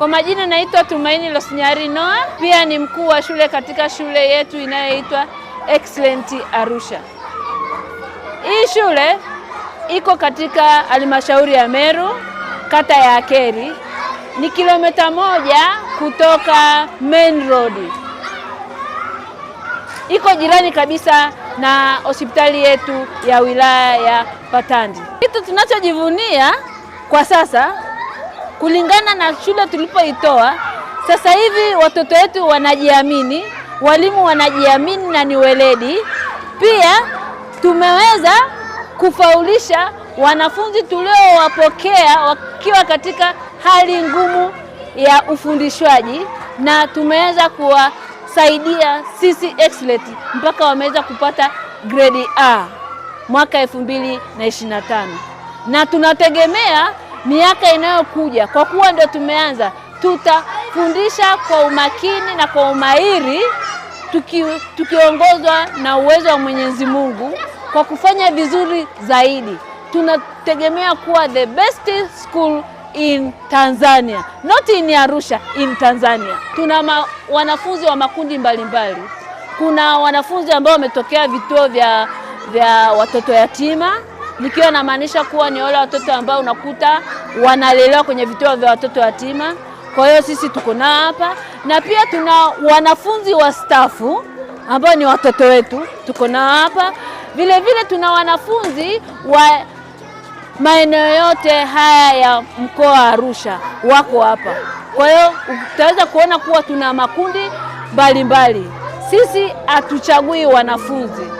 Kwa majina naitwa Tumaini Losinyari Noa, pia ni mkuu wa shule katika shule yetu inayoitwa Excellent Arusha. Hii shule iko katika halmashauri ya Meru, kata ya Akeri, ni kilomita moja kutoka main road. Iko jirani kabisa na hospitali yetu ya wilaya ya Patandi. Kitu tunachojivunia kwa sasa kulingana na shule tulipoitoa. Sasa hivi watoto wetu wanajiamini, walimu wanajiamini na ni weledi pia. Tumeweza kufaulisha wanafunzi tuliowapokea wakiwa katika hali ngumu ya ufundishwaji na tumeweza kuwasaidia sisi excellent mpaka wameweza kupata grade A mwaka 2025 na tunategemea miaka inayokuja, kwa kuwa ndio tumeanza, tutafundisha kwa umakini na kwa umahiri tuki, tukiongozwa na uwezo wa Mwenyezi Mungu kwa kufanya vizuri zaidi. Tunategemea kuwa the best school in Tanzania, not in Arusha, in Tanzania. Tuna ma, wanafunzi wa makundi mbalimbali mbali. Kuna wanafunzi ambao wametokea vituo vya, vya watoto yatima nikiwa namaanisha kuwa ni wale watoto ambao unakuta wanalelewa kwenye vituo vya watoto yatima. Kwa hiyo sisi tuko nao hapa, na pia tuna wanafunzi wa stafu ambao ni watoto wetu, tuko nao hapa vilevile. Vile tuna wanafunzi wa maeneo yote haya ya mkoa wa Arusha wako hapa. Kwa hiyo utaweza kuona kuwa tuna makundi mbalimbali. Sisi hatuchagui wanafunzi.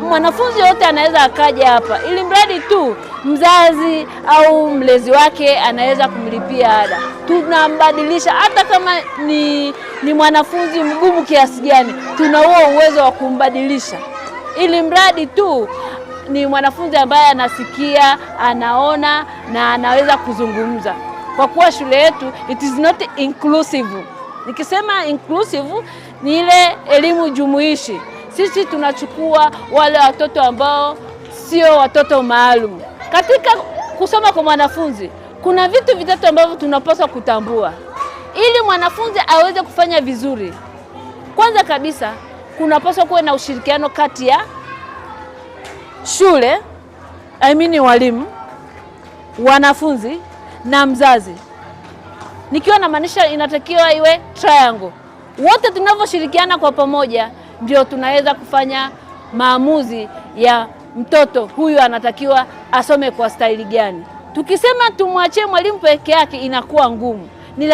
Mwanafunzi yote anaweza akaja hapa, ili mradi tu mzazi au mlezi wake anaweza kumlipia ada. Tunambadilisha hata kama ni, ni mwanafunzi mgumu kiasi gani, tuna huo uwezo wa kumbadilisha, ili mradi tu ni mwanafunzi ambaye anasikia, anaona na anaweza kuzungumza, kwa kuwa shule yetu it is not inclusive. Nikisema inclusive ni ile elimu jumuishi sisi tunachukua wale watoto ambao sio watoto maalum. Katika kusoma kwa mwanafunzi kuna vitu vitatu ambavyo tunapaswa kutambua ili mwanafunzi aweze kufanya vizuri. Kwanza kabisa, kunapaswa kuwe na ushirikiano kati ya shule I mean walimu, wanafunzi na mzazi. Nikiwa namaanisha, inatakiwa iwe triangle, wote tunavyoshirikiana kwa pamoja ndio tunaweza kufanya maamuzi ya mtoto huyu anatakiwa asome kwa staili gani. Tukisema tumwachie mwalimu peke yake inakuwa ngumu. Ni